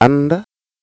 ànd